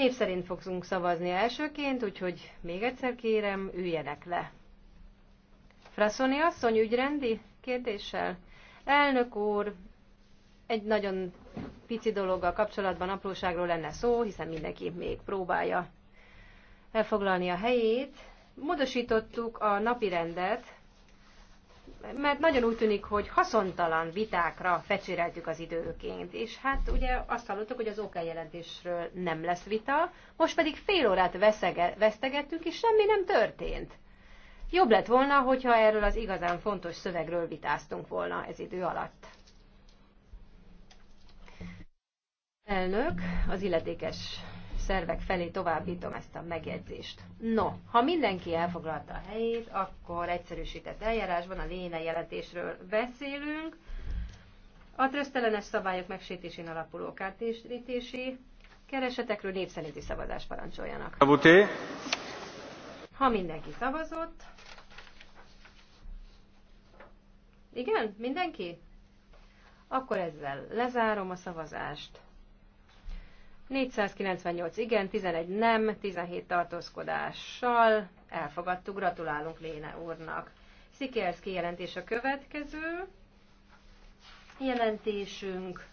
Név szerint fogunk szavazni elsőként, úgyhogy még egyszer kérem, üljenek le. Fraszoni asszony ügyrendi kérdéssel? Elnök úr, egy nagyon pici dologgal kapcsolatban apróságról lenne szó, hiszen mindenki még próbálja elfoglalni a helyét. Módosítottuk a napi rendet, mert nagyon úgy tűnik, hogy haszontalan vitákra fecséreltük az időként, és hát ugye azt hallottuk, hogy az OK jelentésről nem lesz vita, most pedig fél órát veszege, vesztegettünk, és semmi nem történt. Jobb lett volna, hogyha erről az igazán fontos szövegről vitáztunk volna ez idő alatt. Elnök, az illetékes szervek felé továbbítom ezt a megjegyzést. No, ha mindenki elfoglalta a helyét, akkor egyszerűsített eljárásban a léne jelentésről beszélünk. A trösztelenes szabályok megsétésén alapuló kártérítési keresetekről népszerinti szavazást parancsoljanak. Ha mindenki szavazott. Igen, mindenki? Akkor ezzel lezárom a szavazást. 498 igen, 11 nem, 17 tartózkodással elfogadtuk. Gratulálunk Léne úrnak. Szikerszki jelentés a következő. Jelentésünk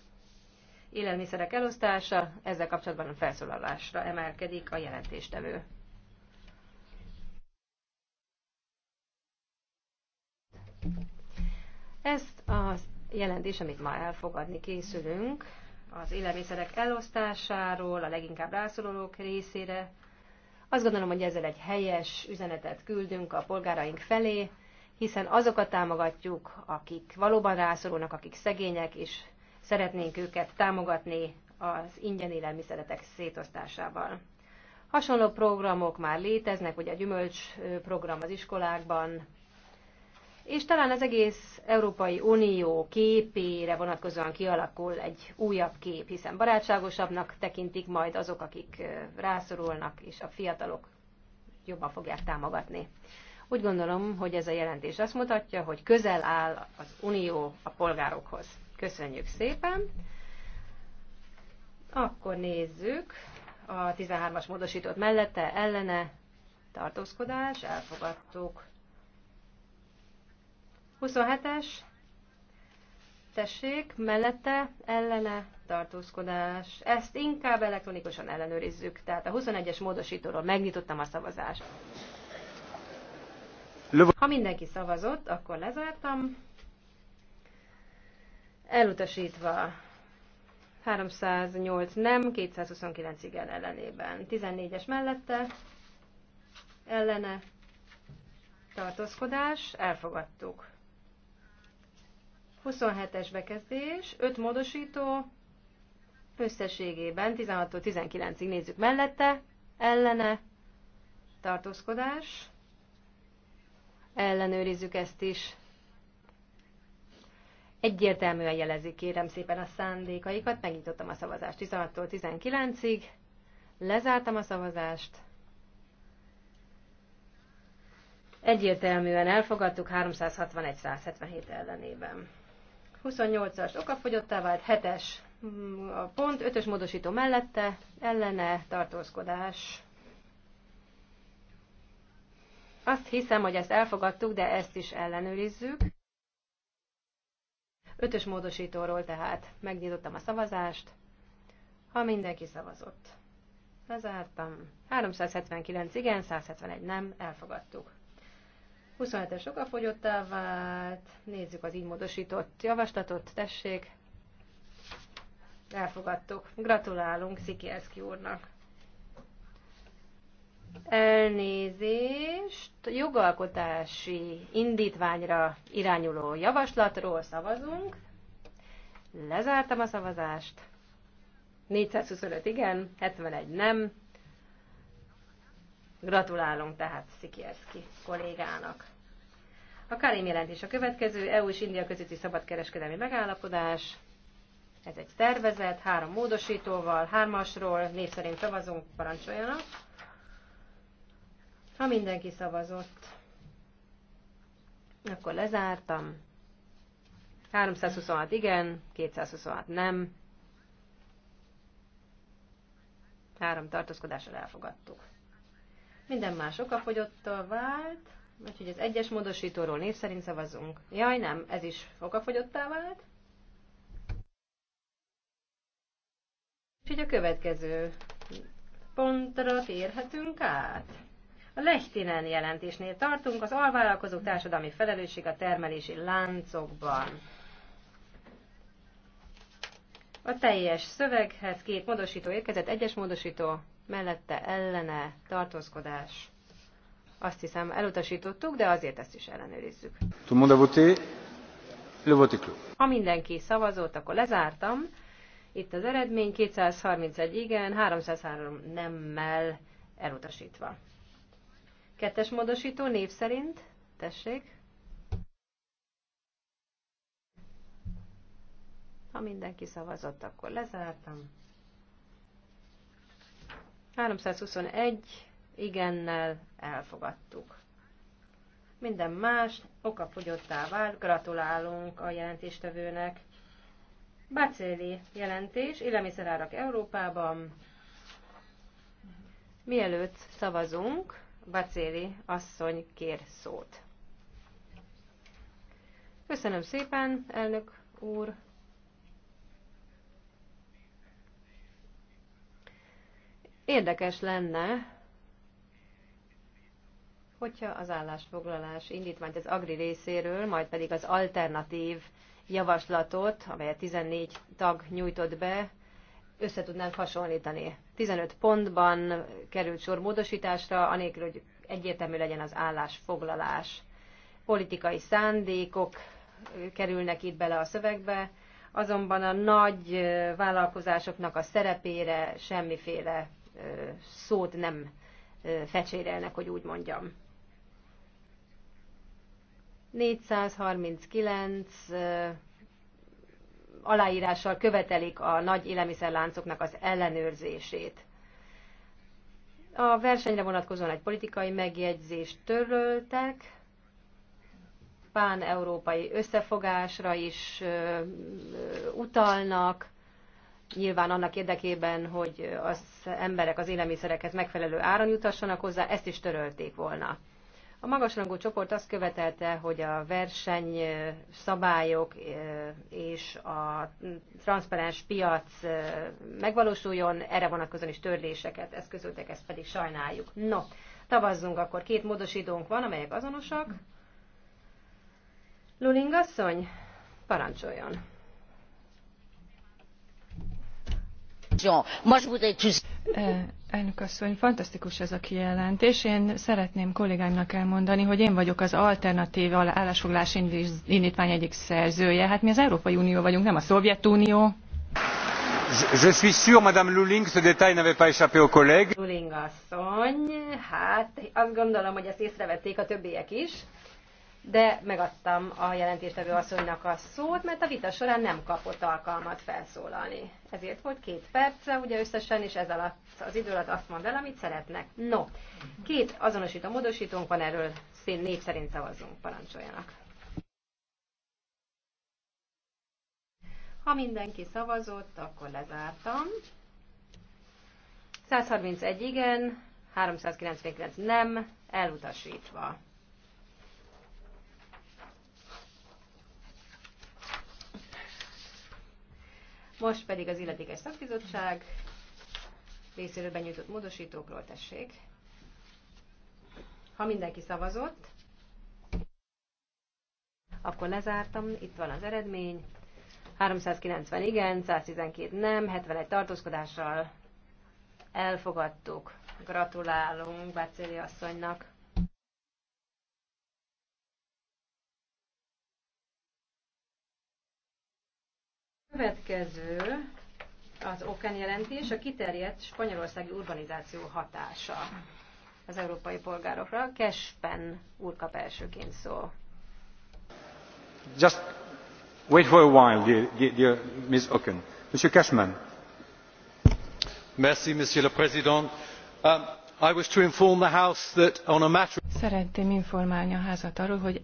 élelmiszerek elosztása, ezzel kapcsolatban a felszólalásra emelkedik a jelentéstevő. Ezt a jelentés, amit ma elfogadni készülünk, az élelmiszerek elosztásáról, a leginkább rászorulók részére. Azt gondolom, hogy ezzel egy helyes üzenetet küldünk a polgáraink felé, hiszen azokat támogatjuk, akik valóban rászorulnak, akik szegények, és szeretnénk őket támogatni az ingyen élelmiszeretek szétosztásával. Hasonló programok már léteznek, ugye a gyümölcs program az iskolákban, és talán az egész Európai Unió képére vonatkozóan kialakul egy újabb kép, hiszen barátságosabbnak tekintik majd azok, akik rászorulnak, és a fiatalok jobban fogják támogatni. Úgy gondolom, hogy ez a jelentés azt mutatja, hogy közel áll az Unió a polgárokhoz. Köszönjük szépen! Akkor nézzük a 13-as módosított mellette, ellene, tartózkodás, elfogadtuk. 27-es, tessék, mellette ellene tartózkodás. Ezt inkább elektronikusan ellenőrizzük. Tehát a 21-es módosítóról megnyitottam a szavazást. Ha mindenki szavazott, akkor lezártam. Elutasítva 308 nem, 229 igen ellenében. 14-es mellette ellene tartózkodás, elfogadtuk. 27-es bekezdés, 5 módosító, összességében 16-tól 19-ig nézzük mellette, ellene, tartózkodás, ellenőrizzük ezt is. Egyértelműen jelezik, kérem szépen a szándékaikat, megnyitottam a szavazást 16-tól 19-ig, lezártam a szavazást, egyértelműen elfogadtuk 361-177 ellenében. 28-as okafogyottá vált, 7-es mm, a pont, 5-ös módosító mellette, ellene tartózkodás. Azt hiszem, hogy ezt elfogadtuk, de ezt is ellenőrizzük. Ötös módosítóról tehát megnyitottam a szavazást. Ha mindenki szavazott. Lezártam. 379 igen, 171 nem, elfogadtuk. 27-es okafogyottá vált. Nézzük az így módosított javaslatot. Tessék. Elfogadtuk. Gratulálunk Szikielszki úrnak. Elnézést. Jogalkotási indítványra irányuló javaslatról szavazunk. Lezártam a szavazást. 425 igen, 71 nem, Gratulálunk tehát Szikierszki kollégának. A Karim jelentés a következő, EU és India közötti szabadkereskedelmi megállapodás. Ez egy tervezet, három módosítóval, hármasról, név szerint szavazunk, parancsoljanak. Ha mindenki szavazott, akkor lezártam. 326 igen, 226 nem. Három tartózkodással elfogadtuk. Minden más okafogyottá vált, úgyhogy az egyes módosítóról név szerint szavazunk. Jaj, nem, ez is okafogyottá vált. Úgyhogy a következő pontra térhetünk át. A Lehtinen jelentésnél tartunk, az alvállalkozók társadalmi felelősség a termelési láncokban. A teljes szöveghez két módosító érkezett, egyes módosító mellette ellene tartózkodás. Azt hiszem elutasítottuk, de azért ezt is ellenőrizzük. Ha mindenki szavazott, akkor lezártam. Itt az eredmény 231 igen, 303 nemmel elutasítva. Kettes módosító név szerint, tessék. Ha mindenki szavazott, akkor lezártam. 321 igennel elfogadtuk. Minden más okafogyottá vált, gratulálunk a jelentéstevőnek. Bacéli jelentés, élelmiszerárak Európában. Mielőtt szavazunk, Bacéli asszony kér szót. Köszönöm szépen, elnök úr! Érdekes lenne, hogyha az állásfoglalás indítványt az Agri részéről, majd pedig az alternatív javaslatot, amelyet 14 tag nyújtott be, össze tudnánk hasonlítani. 15 pontban került sor módosításra, anélkül, hogy egyértelmű legyen az állásfoglalás. Politikai szándékok kerülnek itt bele a szövegbe, azonban a nagy vállalkozásoknak a szerepére semmiféle szót nem fecsérelnek, hogy úgy mondjam. 439 aláírással követelik a nagy élelmiszerláncoknak az ellenőrzését. A versenyre vonatkozóan egy politikai megjegyzést töröltek, pán-európai összefogásra is utalnak, nyilván annak érdekében, hogy az emberek az élelmiszerekhez megfelelő áron jutassanak hozzá, ezt is törölték volna. A magasrangú csoport azt követelte, hogy a verseny eh, szabályok eh, és a transzparens piac eh, megvalósuljon, erre vonatkozóan is törléseket eszközöltek, ezt pedig sajnáljuk. No, tavazzunk akkor, két módosítónk van, amelyek azonosak. Luling asszony, parancsoljon! Elnök asszony, fantasztikus ez a kijelentés. Én szeretném kollégáimnak elmondani, hogy én vagyok az alternatv állásfoglás indtvány egyik szerzője. Hát mi az Európai Unió vagyunk, nem a Szovjetunió. Je suis sûr, Madame Luling, ce détail n'avait pas échappé aux collègues. Luling asszony, hát azt gondolom, hogy ezt észrevették a többiek is de megadtam a jelentéstevő asszonynak a szót, mert a vita során nem kapott alkalmat felszólalni. Ezért volt két perce, ugye összesen, és ez alatt az idő alatt azt mond el, amit szeretnek. No, két azonosító módosítónk van, erről szín név szerint szavazzunk, parancsoljanak. Ha mindenki szavazott, akkor lezártam. 131 igen, 399 nem, elutasítva. Most pedig az illetékes szakbizottság részéről benyújtott módosítókról tessék. Ha mindenki szavazott, akkor lezártam, itt van az eredmény. 390 igen, 112 nem, 71 tartózkodással elfogadtuk. Gratulálunk Bácéli asszonynak! Következő az Oken jelentés, a kiterjedt spanyolországi urbanizáció hatása az európai polgárokra. Kespen úr kap elsőként szó. Just wait for a while, dear, dear, dear Ms. Oken. Mr. Cashman. Merci, Monsieur le Président. Um, szeretném informálni a házat arról hogy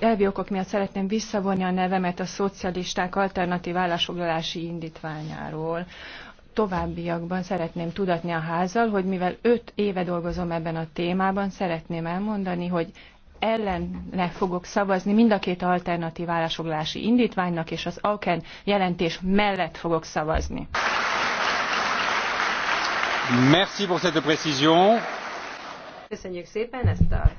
elvi okok miatt szeretném visszavonni a nevemet a szocialisták alternatv állásfoglalási indtványáról. továbbiakban szeretném tudatni a házzal hogy mivel öt éve dolgozom ebben a témában szeretném elmondani hogy ellene fogok szavazni mind a két alternatv állásfoglalási indtványnak és az auken jelentés mellett fogok szavazni. Köszönjük szépen ezt a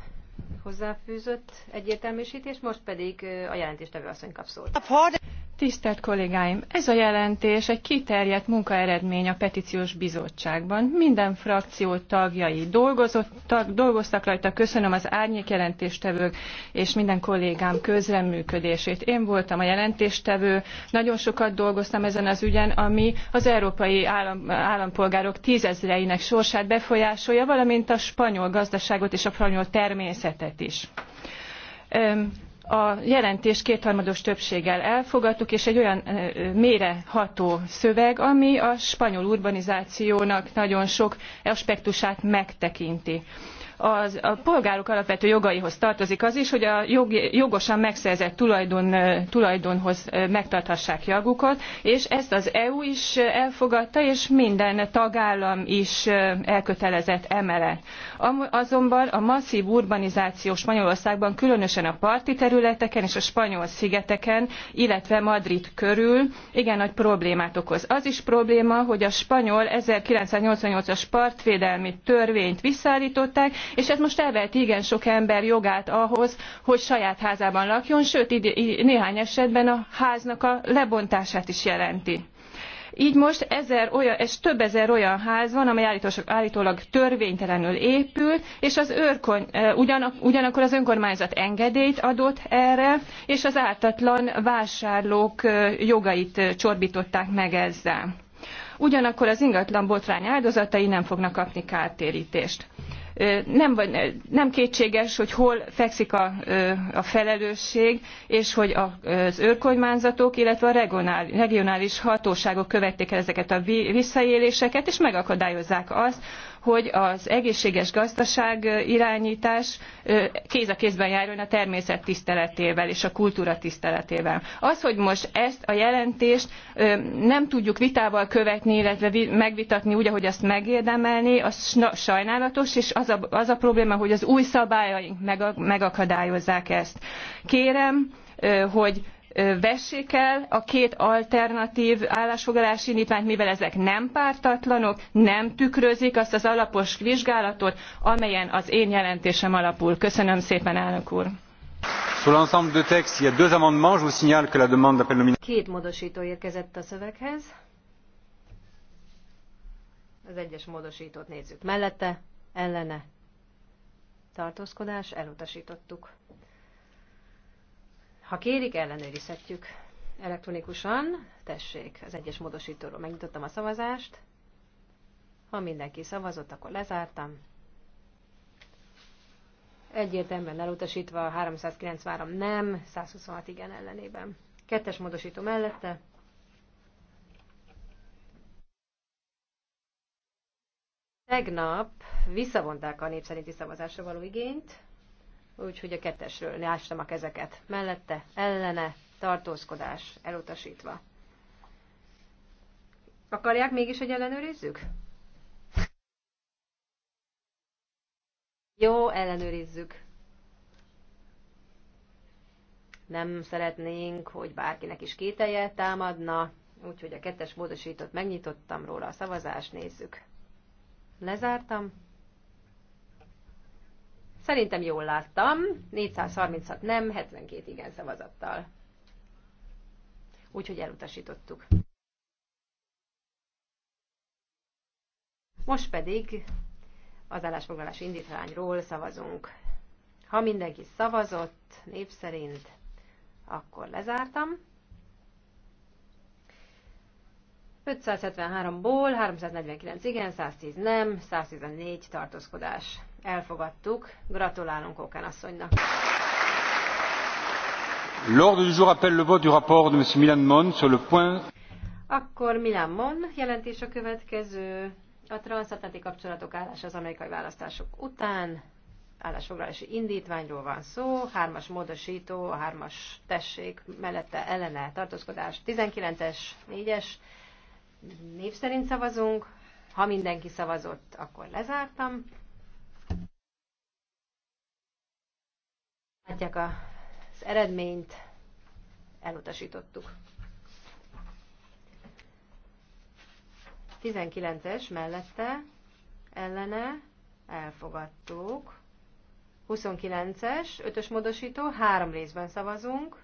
hozzáfűzött egyértelműsítést, most pedig a jelentéstevő asszony kap szót. Tisztelt kollégáim, ez a jelentés egy kiterjedt munkaeredmény a petíciós bizottságban. Minden frakció tagjai tag, dolgoztak rajta. Köszönöm az árnyék jelentéstevők és minden kollégám közreműködését. Én voltam a jelentéstevő, nagyon sokat dolgoztam ezen az ügyen, ami az európai állam, állampolgárok tízezreinek sorsát befolyásolja, valamint a spanyol gazdaságot és a spanyol természetet is a jelentés kétharmados többséggel elfogadtuk és egy olyan mélyreható szöveg ami a spanyol urbanizációnak nagyon sok aspektusát megtekinti az, a polgárok alapvető jogaihoz tartozik az is, hogy a jog, jogosan megszerzett tulajdon, tulajdonhoz megtarthassák jogukat, és ezt az EU is elfogadta, és minden tagállam is elkötelezett emellett. Azonban a masszív urbanizáció Spanyolországban, különösen a parti területeken és a spanyol szigeteken, illetve Madrid körül igen nagy problémát okoz. Az is probléma, hogy a spanyol 1988-as partvédelmi törvényt visszaállították, és ez hát most elveheti igen sok ember jogát ahhoz, hogy saját házában lakjon, sőt néhány esetben a háznak a lebontását is jelenti. Így most ezer olyan, és több ezer olyan ház van, amely állítólag törvénytelenül épül, és az őrkony, ugyanak, ugyanakkor az önkormányzat engedélyt adott erre, és az ártatlan vásárlók jogait csorbították meg ezzel ugyanakkor az ingatlan botrány áldozatai nem fognak kapni kártérítést. Nem, nem kétséges, hogy hol fekszik a, a felelősség, és hogy az őrkormányzatok, illetve a regionális hatóságok követték el ezeket a visszaéléseket, és megakadályozzák azt, hogy az egészséges gazdaság irányítás kéz a kézben járjon a természet tiszteletével és a kultúra tiszteletével. Az, hogy most ezt a jelentést nem tudjuk vitával követni, illetve megvitatni úgy, ahogy azt megérdemelné, az sajnálatos, és az a, az a probléma, hogy az új szabályaink megakadályozzák ezt. Kérem, hogy vessék el a két alternatív állásfoglalási indtványt mivel ezek nem pártatlanok nem tükrözik azt az alapos vizsgálatot amelyen az én jelentésem alapul. köszönöm szépen elnök úr! Két módosító érkezett a szöveghez. Az egyes módosítót nézzük mellette, ellene. Tartózkodás, elutasítottuk. Ha kérik, ellenőrizhetjük elektronikusan. Tessék, az egyes módosítóról megnyitottam a szavazást. Ha mindenki szavazott, akkor lezártam. Egyértelműen elutasítva 393 nem, 126 igen ellenében. Kettes módosító mellette. Tegnap visszavonták a népszerinti szavazásra való igényt, úgyhogy a kettesről lássam a kezeket. Mellette, ellene, tartózkodás, elutasítva. Akarják mégis, hogy ellenőrizzük? Jó, ellenőrizzük. Nem szeretnénk, hogy bárkinek is kételje támadna, úgyhogy a kettes módosított megnyitottam róla a szavazást, nézzük. Lezártam. Szerintem jól láttam, 436 nem, 72 igen szavazattal. Úgyhogy elutasítottuk. Most pedig az állásfoglalás indítványról szavazunk. Ha mindenki szavazott név szerint, akkor lezártam. 573-ból 349 igen, 110 nem, 114 tartózkodás. Elfogadtuk. Gratulálunk Okán asszonynak. L'ordre du jour appelle le vote du rapport de M. Milan Mon sur le point... Akkor Milan Mon jelentés a következő. A transzatlanti kapcsolatok állása az amerikai választások után. Állásfoglalási indítványról van szó. Hármas módosító, a hármas tessék, mellette ellene tartózkodás, 19-es, 4-es. Név szerint szavazunk. Ha mindenki szavazott, akkor lezártam. Látják az eredményt, elutasítottuk. 19-es mellette, ellene, elfogadtuk. 29-es, 5-ös módosító, három részben szavazunk.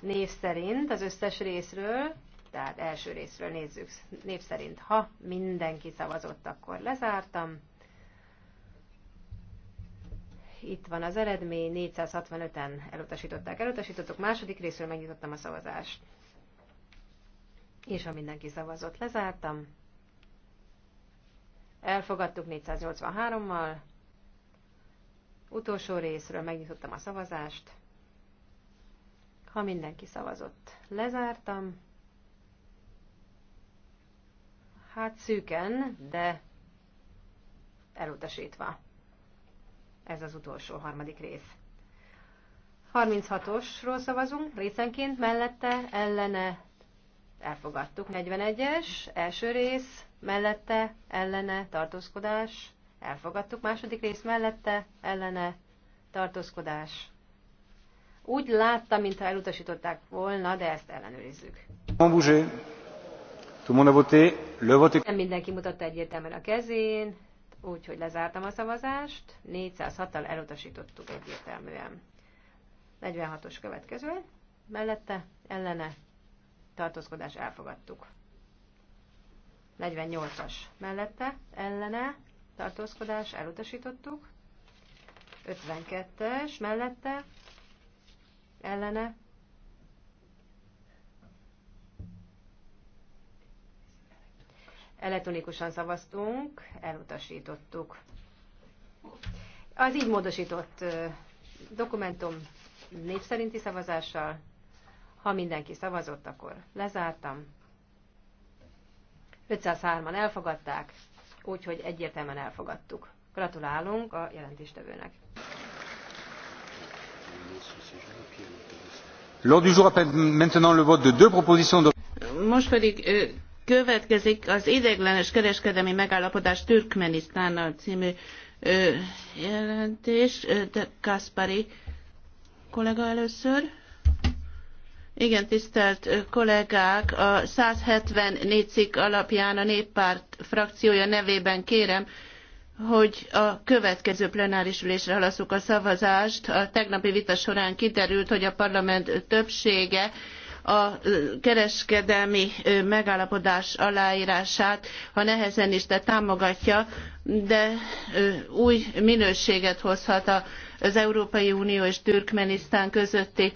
Név szerint az összes részről tehát első részről nézzük név szerint. Ha mindenki szavazott, akkor lezártam. Itt van az eredmény, 465-en elutasították, elutasítottuk. Második részről megnyitottam a szavazást. És ha mindenki szavazott, lezártam. Elfogadtuk 483-mal. Utolsó részről megnyitottam a szavazást. Ha mindenki szavazott, lezártam. Hát szűken, de elutasítva. Ez az utolsó, harmadik rész. 36-osról szavazunk, részenként mellette, ellene, elfogadtuk. 41-es, első rész, mellette, ellene, tartózkodás, elfogadtuk. Második rész mellette, ellene, tartózkodás. Úgy láttam, mintha elutasították volna, de ezt ellenőrizzük. Tout le monde a voté. Nem mindenki mutatta egyértelműen a kezén, úgyhogy lezártam a szavazást. 406-tal elutasítottuk egyértelműen. 46-os következő, mellette, ellene, tartózkodás elfogadtuk. 48-as mellette, ellene, tartózkodás elutasítottuk. 52-es mellette, ellene, elektronikusan szavaztunk, elutasítottuk. Az így módosított dokumentum név szerinti szavazással. Ha mindenki szavazott, akkor lezártam. 503-an elfogadták, úgyhogy egyértelműen elfogadtuk. Gratulálunk a jelentéstevőnek. Lors du jour maintenant le vote de deux propositions de... Most pedig Következik az ideiglenes kereskedelmi megállapodás Türkmenisztánnal című ö, jelentés. De Kaspari kollega először. Igen, tisztelt kollégák, a 174 cikk alapján a néppárt frakciója nevében kérem, hogy a következő plenáris ülésre halasszuk a szavazást. A tegnapi vita során kiderült, hogy a parlament többsége a kereskedelmi megállapodás aláírását, ha nehezen is, de támogatja de új minőséget hozhat az Európai Unió és Türkmenisztán közötti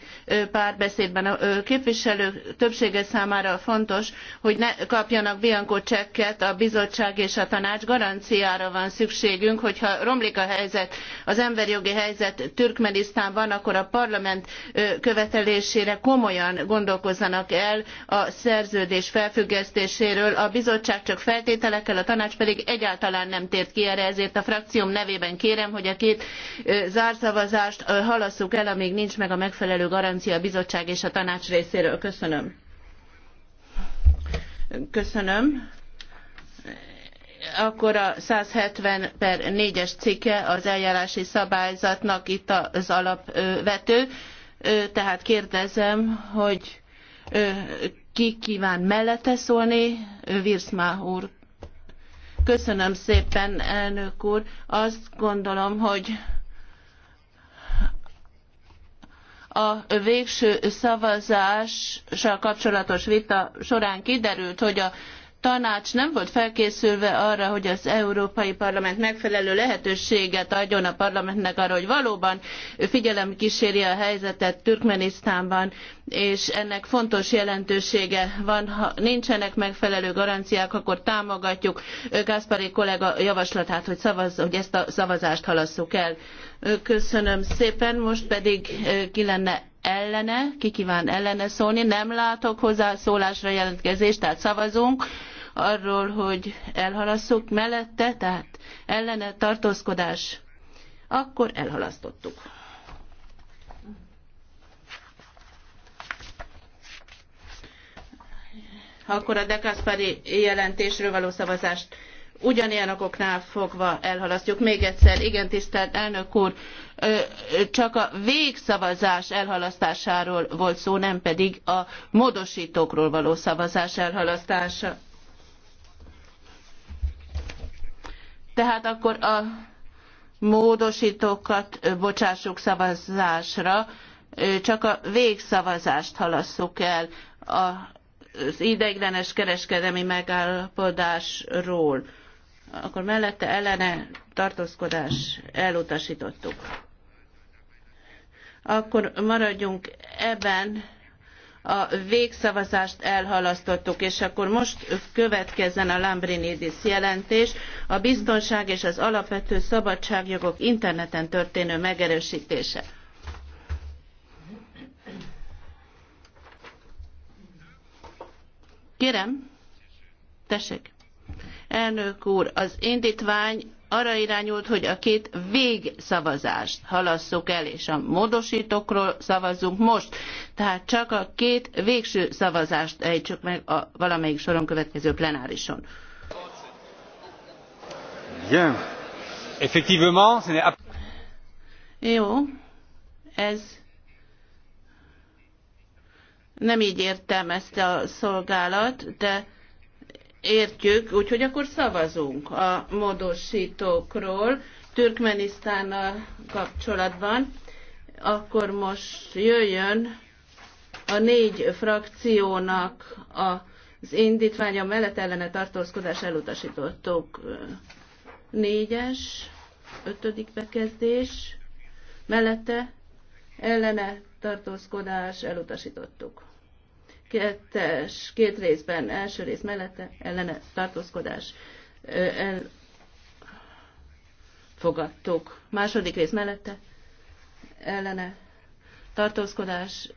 párbeszédben. A képviselők többsége számára fontos, hogy ne kapjanak bianco csekket a bizottság és a tanács garanciára van szükségünk, hogyha romlik a helyzet, az emberi jogi helyzet Türkmenisztánban, akkor a parlament követelésére komolyan gondolkozzanak el a szerződés felfüggesztéséről. A bizottság csak feltételekkel, a tanács pedig egyáltalán nem tért ki erre, ezért a frakcióm nevében kérem, hogy a két zárszavazást halasszuk el, amíg nincs meg a megfelelő garancia a bizottság és a tanács részéről. Köszönöm. Köszönöm akkor a 170 per 4-es cikke az eljárási szabályzatnak itt az alapvető. Tehát kérdezem, hogy ki kíván mellette szólni, Virszmá úr Köszönöm szépen, elnök úr. Azt gondolom, hogy a végső szavazással kapcsolatos vita során kiderült hogy a tanács nem volt felkészülve arra, hogy az Európai Parlament megfelelő lehetőséget adjon a parlamentnek arra, hogy valóban figyelem kíséri a helyzetet Türkmenisztánban, és ennek fontos jelentősége van. Ha nincsenek megfelelő garanciák, akkor támogatjuk Gászpari kollega javaslatát, hogy, szavaz, hogy ezt a szavazást halasszuk el. Köszönöm szépen, most pedig eh, ki lenne ellene, ki kíván ellene szólni, nem látok hozzászólásra jelentkezést, tehát szavazunk arról, hogy elhalasszuk mellette, tehát ellene tartózkodás, akkor elhalasztottuk. Akkor a Dekaspari jelentésről való szavazást ugyanilyen okoknál fogva elhalasztjuk. Még egyszer, igen tisztelt elnök úr, csak a végszavazás elhalasztásáról volt szó, nem pedig a módosítókról való szavazás elhalasztása. Tehát akkor a módosítókat bocsássuk szavazásra, csak a végszavazást halasszuk el az ideiglenes kereskedelmi megállapodásról akkor mellette ellene tartózkodás elutasítottuk. Akkor maradjunk ebben, a végszavazást elhalasztottuk, és akkor most következzen a Lambrinidis jelentés, a biztonság és az alapvető szabadságjogok interneten történő megerősítése. Kérem, tessék. Elnök úr, az indítvány arra irányult, hogy a két végszavazást halasszuk el, és a módosítókról szavazzunk most. Tehát csak a két végső szavazást ejtsük meg a valamelyik soron következő plenárison. Bien. Effectivement, ce n'est Jó, ez nem így értem ezt a szolgálat, de értjük, úgyhogy akkor szavazunk a módosítókról Türkmenisztánnal kapcsolatban. Akkor most jöjjön a négy frakciónak az indítványa mellett ellene tartózkodás elutasítottuk. Négyes, ötödik bekezdés, mellette ellene tartózkodás elutasítottuk kettes, két részben, első rész mellette ellene tartózkodás elfogadtuk. Második rész mellette ellene tartózkodás,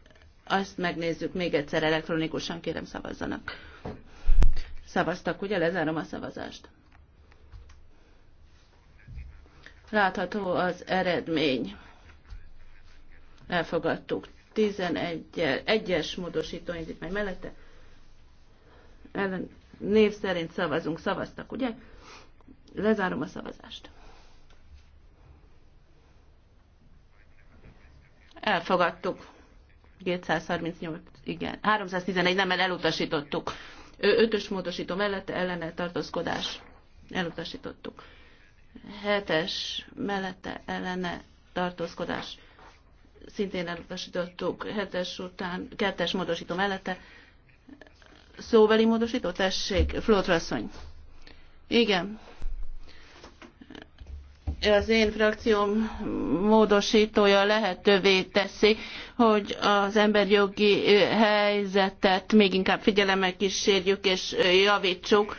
azt megnézzük még egyszer elektronikusan, kérem szavazzanak. Szavaztak, ugye? Lezárom a szavazást. Látható az eredmény. Elfogadtuk. 11 egyes módosító indítvány mellette ellen, név szerint szavazunk, szavaztak, ugye? Lezárom a szavazást. Elfogadtuk. 238, igen. 311 nem, mert elutasítottuk. Ötös módosító mellette ellene tartózkodás. Elutasítottuk. Hetes mellette ellene tartózkodás szintén elutasítottuk hetes után, kettes módosító mellette. Szóveli módosító, tessék, Flótrasszony. Igen. Az én frakcióm módosítója lehetővé teszi, hogy az emberjogi helyzetet még inkább figyelemmel kísérjük és javítsuk,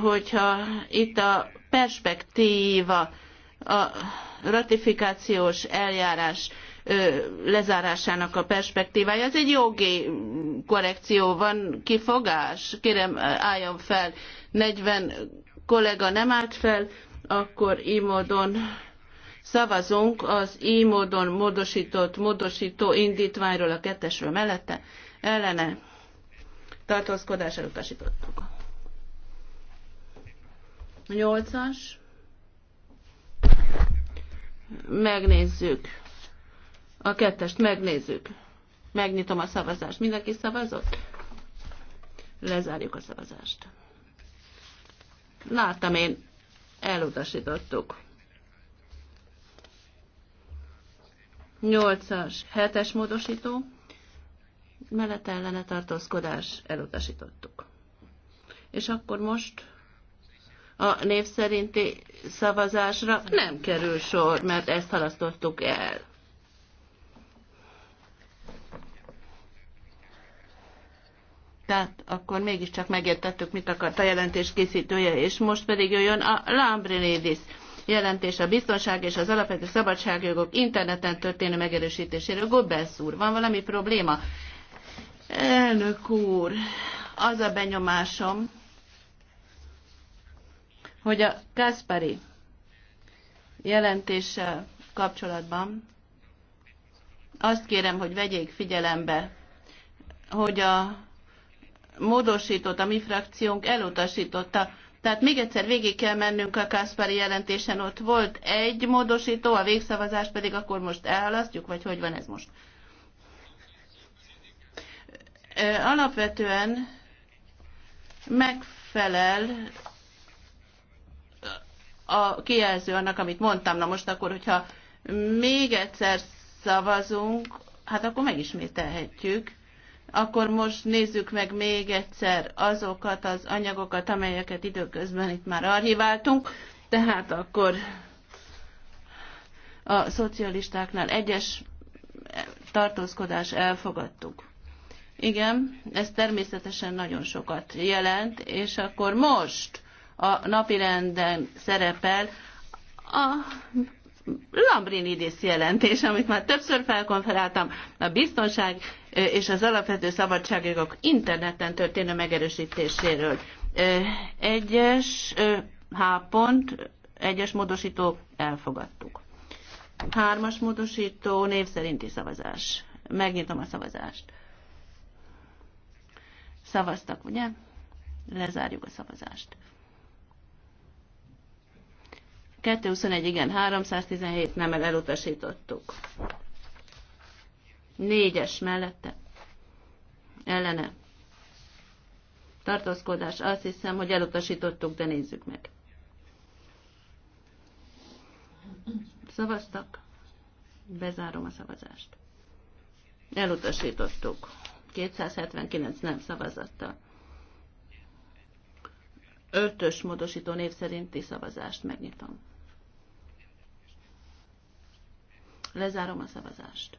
hogyha itt a perspektíva, a ratifikációs eljárás lezárásának a perspektívája. Ez egy jogi korrekció, van kifogás, kérem álljon fel, 40 kollega nem állt fel, akkor így módon szavazunk az így módon módosított, módosító indítványról a kettesről mellette, ellene tartózkodás elutasítottuk. Nyolcas. Megnézzük. A kettest megnézzük. Megnyitom a szavazást. Mindenki szavazott? Lezárjuk a szavazást. Láttam én, elutasítottuk. 8-as, 7-es módosító, mellett ellene tartózkodás elutasítottuk. És akkor most a név szerinti szavazásra nem kerül sor, mert ezt halasztottuk el. tehát akkor mégiscsak megértettük, mit akart a jelentés készítője, és most pedig jöjjön a Lambrinidis jelentés a biztonság és az alapvető szabadságjogok interneten történő megerősítéséről. Gobbelsz úr, van valami probléma? Elnök úr, az a benyomásom, hogy a Kaspari jelentéssel kapcsolatban azt kérem, hogy vegyék figyelembe, hogy a módosítót a mi frakciónk elutasította. Tehát még egyszer végig kell mennünk a Kaspari jelentésen, ott volt egy módosító, a végszavazás pedig akkor most elhalasztjuk, vagy hogy van ez most? Alapvetően megfelel a kijelző annak, amit mondtam. Na most akkor, hogyha még egyszer szavazunk, hát akkor megismételhetjük akkor most nézzük meg még egyszer azokat az anyagokat, amelyeket időközben itt már archiváltunk. Tehát akkor a szocialistáknál egyes tartózkodás elfogadtuk. Igen, ez természetesen nagyon sokat jelent, és akkor most a napirenden szerepel a Lambrinidis jelentés, amit már többször felkonferáltam, a biztonság és az alapvető szabadságjogok interneten történő megerősítéséről. Egyes H pont, egyes módosító elfogadtuk. Hármas módosító név szerinti szavazás. Megnyitom a szavazást. Szavaztak, ugye? Lezárjuk a szavazást. 221 igen, 317 nem elutasítottuk. Négyes mellette. Ellene. Tartózkodás. Azt hiszem, hogy elutasítottuk, de nézzük meg. Szavaztak. Bezárom a szavazást. Elutasítottuk. 279 nem szavazattal. Ötös módosító név szerinti szavazást megnyitom. Lezárom a szavazást.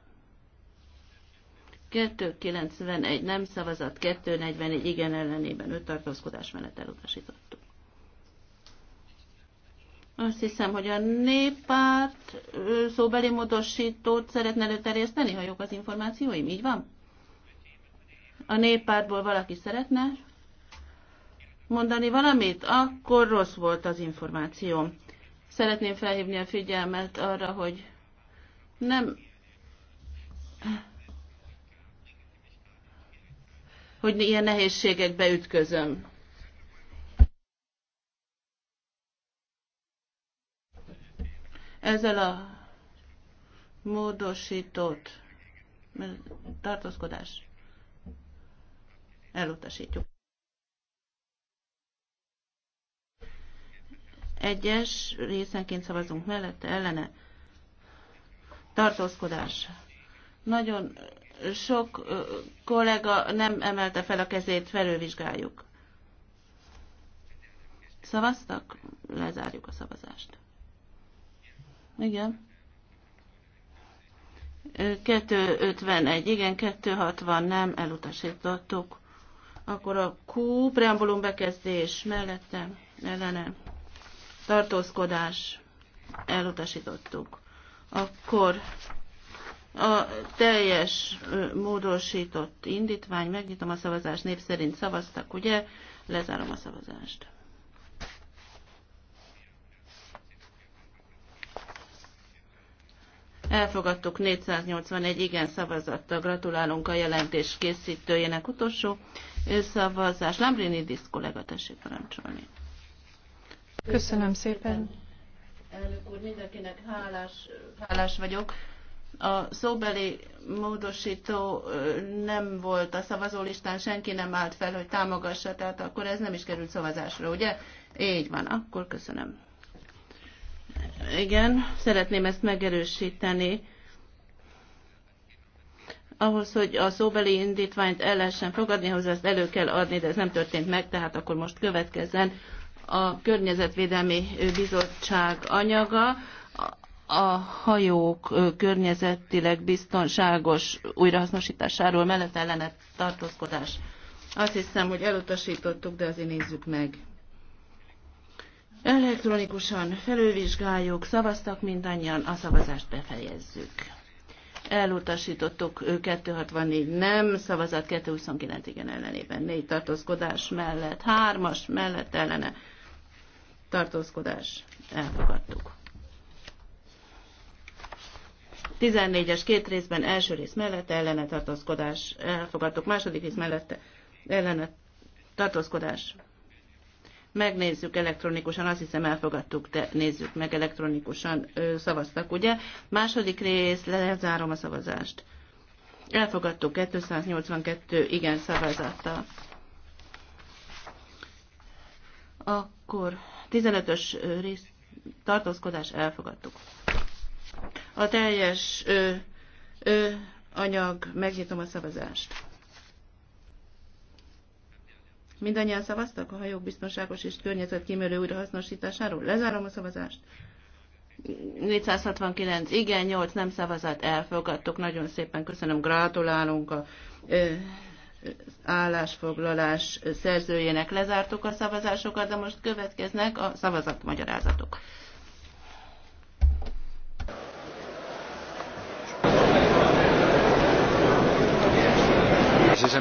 291 nem szavazat, 241 igen ellenében 5 tartózkodás mellett elutasítottuk. Azt hiszem, hogy a néppárt szóbeli módosítót szeretne előterjeszteni, ha jók az információim, így van? A néppártból valaki szeretne mondani valamit? Akkor rossz volt az információ. Szeretném felhívni a figyelmet arra, hogy nem hogy ilyen nehézségekbe ütközöm. Ezzel a módosított tartózkodás elutasítjuk. Egyes részenként szavazunk mellette, ellene tartózkodás. Nagyon sok kollega nem emelte fel a kezét, felülvizsgáljuk. Szavaztak? Lezárjuk a szavazást. Igen. 251, igen, 260, nem, elutasítottuk. Akkor a Q, preambulum bekezdés, mellette, ellene, tartózkodás, elutasítottuk. Akkor a teljes módosított indítvány, megnyitom a szavazást, nép szerint szavaztak, ugye? Lezárom a szavazást. Elfogadtuk 481 igen szavazatta. Gratulálunk a jelentés készítőjének utolsó szavazás. Lambrini Disz kollega, tessék parancsolni. Köszönöm szépen. Elnök úr, mindenkinek hálás, hálás vagyok a szóbeli módosító nem volt a szavazólistán, senki nem állt fel, hogy támogassa, tehát akkor ez nem is került szavazásra, ugye? Így van, akkor köszönöm. Igen, szeretném ezt megerősíteni. Ahhoz, hogy a szóbeli indítványt el lehessen fogadni, ahhoz ezt elő kell adni, de ez nem történt meg, tehát akkor most következzen a Környezetvédelmi Bizottság anyaga a hajók környezetileg biztonságos újrahasznosításáról mellett ellene tartózkodás. Azt hiszem, hogy elutasítottuk, de azért nézzük meg. Elektronikusan felülvizsgáljuk, szavaztak mindannyian, a szavazást befejezzük. Elutasítottuk 264 nem, szavazat 229 igen ellenében, négy tartózkodás mellett, hármas mellett ellene tartózkodás. Elfogadtuk. 14-es két részben első rész mellette ellene tartózkodás elfogadtuk, második rész mellette ellene tartózkodás. Megnézzük elektronikusan, azt hiszem elfogadtuk, de nézzük meg elektronikusan, Ő szavaztak, ugye? Második rész, lezárom a szavazást. Elfogadtuk 282 igen szavazattal. Akkor 15-ös rész tartózkodás elfogadtuk. A teljes ö, ö, anyag, megnyitom a szavazást. Mindannyian szavaztak a hajók biztonságos és környezetkímélő újrahasznosításáról? Lezárom a szavazást. 469 igen, 8 nem szavazat, elfogadtuk. Nagyon szépen köszönöm, gratulálunk a ö, állásfoglalás szerzőjének. Lezártuk a szavazásokat, de most következnek a szavazatmagyarázatok. magyarázatok.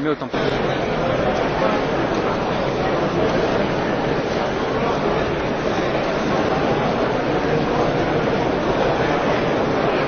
milton